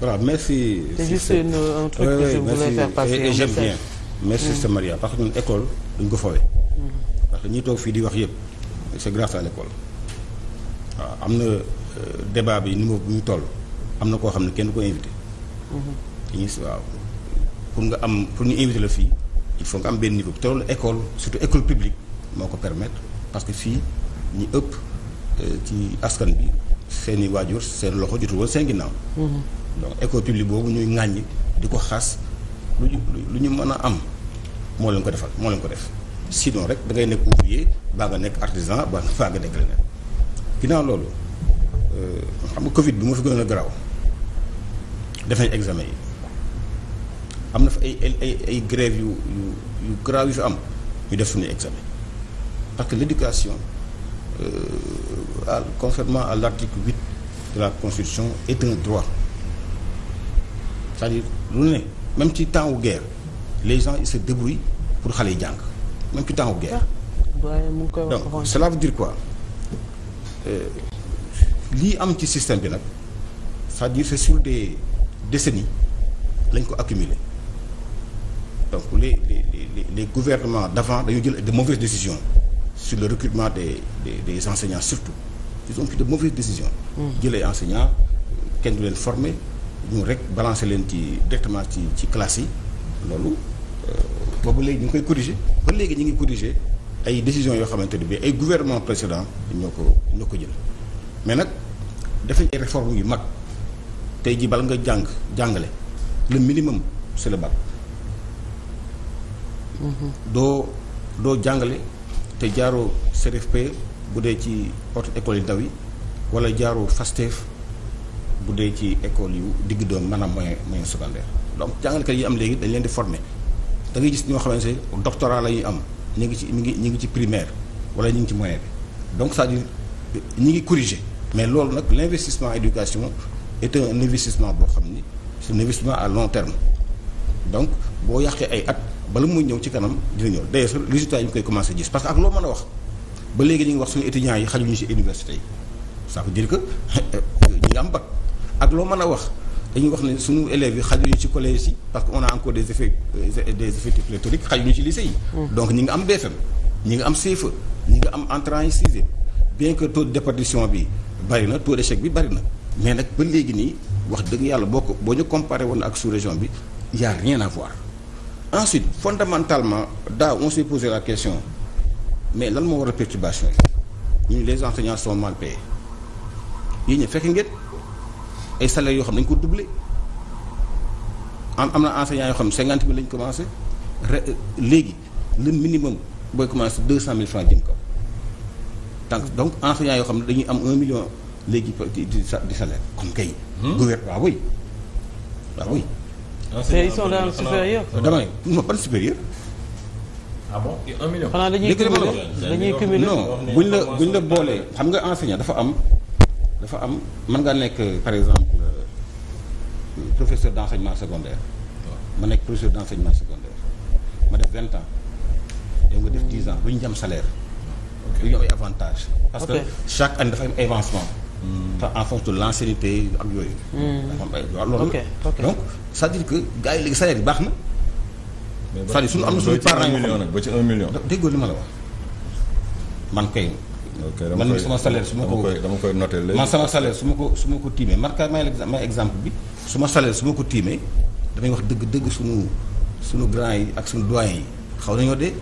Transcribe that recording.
voilà merci. c'est juste une, un truc oui, que mm. parce que ñun école dañ ko fawee. parce que ñi toog fii di wax yëpp c'est grâce à l'école waaw am na euh, débat bi ni mu bu ñu toll am na koo xam ne kenn ko invité. Mm-hmm. dañuy waaw pour nga am pour ñu invité la fii il faut nga am benn niveau te loolu école surtout école publique moo ko permettre parce que fii ñi ëpp euh, ci askan bi seeni waajur seen loxo jotul woon seen ginnaaw. Mm-hmm. donc école publique boobu ñuy ŋàññi di ko xas lu ñu lu ñu mën a am moo leen ko defal moo leen ko def sinon rek da ngay nekk ouvrier baa nga nekk artisan baa baa nga nekk leneen ginnaaw loolu euh, xam nga Covid bi moo fi gënoon a garaw def nañ examen yi am na fa ay ay ay grève yu yu yu garaaw yu fi am ñu def suñuy examen parce que l'éducation euh, conformément à l'article 8 de la Constitution est un ca à dire lu ne même ci temps wu guerre les gens ils se débrouillent pour xale yi jàng même ci temps wu guerre. Ah, donc cela veut dire quoi euh, lii am ci système bi nag c'est-à-dire c'est sur des décennies lañ ko accumulé donc les les les les gouvernements d'avant dañu jël de mauvaises décision sur le recrutement des des des enseignants surtout ils ont pris de mauvaises décision hmm. jël ay enseignants kenn du leen former. ñu rek balancer leen ci directement ci ci classe yi loolu euh, boobu léegi ñu ngi koy corriger ba léegi ñu ngi corriger ay décisions yoo xamante ne bii ay gouvernement précédent ñoo ko ñoo ko jël mais nag def nañ ay réformes yu mag tey jii bal nga jàng jàngale le minimum c'est le bac. Mm-hmm. doo doo jàngale te jaaroo CRFP bu dee ci haute école yi ndaw yi wala jaaroo FASTEF. bu dee ci école yu digg doom maanaam moyen moyen secondaire donc jàngalekat yi am léegi dañ leen di former dangay gis ñoo xamante ne doctorat la ñuy am ñu ngi ci ñu ngi ngi ci primaire wala ñu ngi ci moyen bi donc cest à ñu ngi corriger mais loolu nag l'investissement éducation est un boo xam ni c'est un investissement à long terme donc boo yàqee ay at bala muy ñëw ci kanam dina ñëw d'ailleurs résultat yi ñu koy commencer gis parce que ak loo mën a wax ba léegi ñu ngi wax suñu étudiants yi xajuñu ci université yi ça veut dire que ñu ngi am bac ak loo mën a wax dañuy wax ne suñu élèves yi xajuñu ci collège yi parce que on a encore des effets euh, des effectifs pléthoriques xajuñu ci lycée yi. Mm. donc ñi nga am BFM ñi nga am CFEE ñi nga am entrant yi sixième bien que taux de bi bari na taux d'échec bi bari na mais nag ba léegi nii wax dëgg yàlla bokk boo ñu comparé woon ak sous région bi y a rien à voir ensuite fondamentalement daaw on s'est posé la question mais lan moo war a perturbation yi ñu les enseignants sont mal payés ay salaires yoo xam ne dañ ko doublé am am na enseignants yoo xam ne cinquante mille lañ commencé re léegi le minimum booy commencé deux cent mille francs jëm kaw donc donc enseignants yoo xam ne dañuy am un million léegi di salaire comme kay. Hmm? gouvernement waaw oui waaw oui. enseignants ils sont dans ah la boolee xam nga enseignant dafa am. dafa am man nga nekk par exemple euh, professeur d' enseignement secondaire ma nekk professeur d' enseignement secondaire ma def vingt ans yow nga def dix ans lu ñu am salaire lu ñu am avantage parce que chaque année dafa am avancement hmm. te en fonction de l' ak yooyu hmm. dafa ay loolu donc c'est-à-dire que gars yi léegi salaire yi baax na c'est-à-dire suñu am na suñu parent ba ci un million déggoo li ma la wax man kay man mi sama salaire su ma ko dama koy noter léegi man sama salaire su ma ko su ma ko tiimee man kay may exemple bi suma ma salaire su ma ko tiimee damay wax dëgg dëgg suñu sunu grand yi ak suñu doyen yi xaw nañoo dee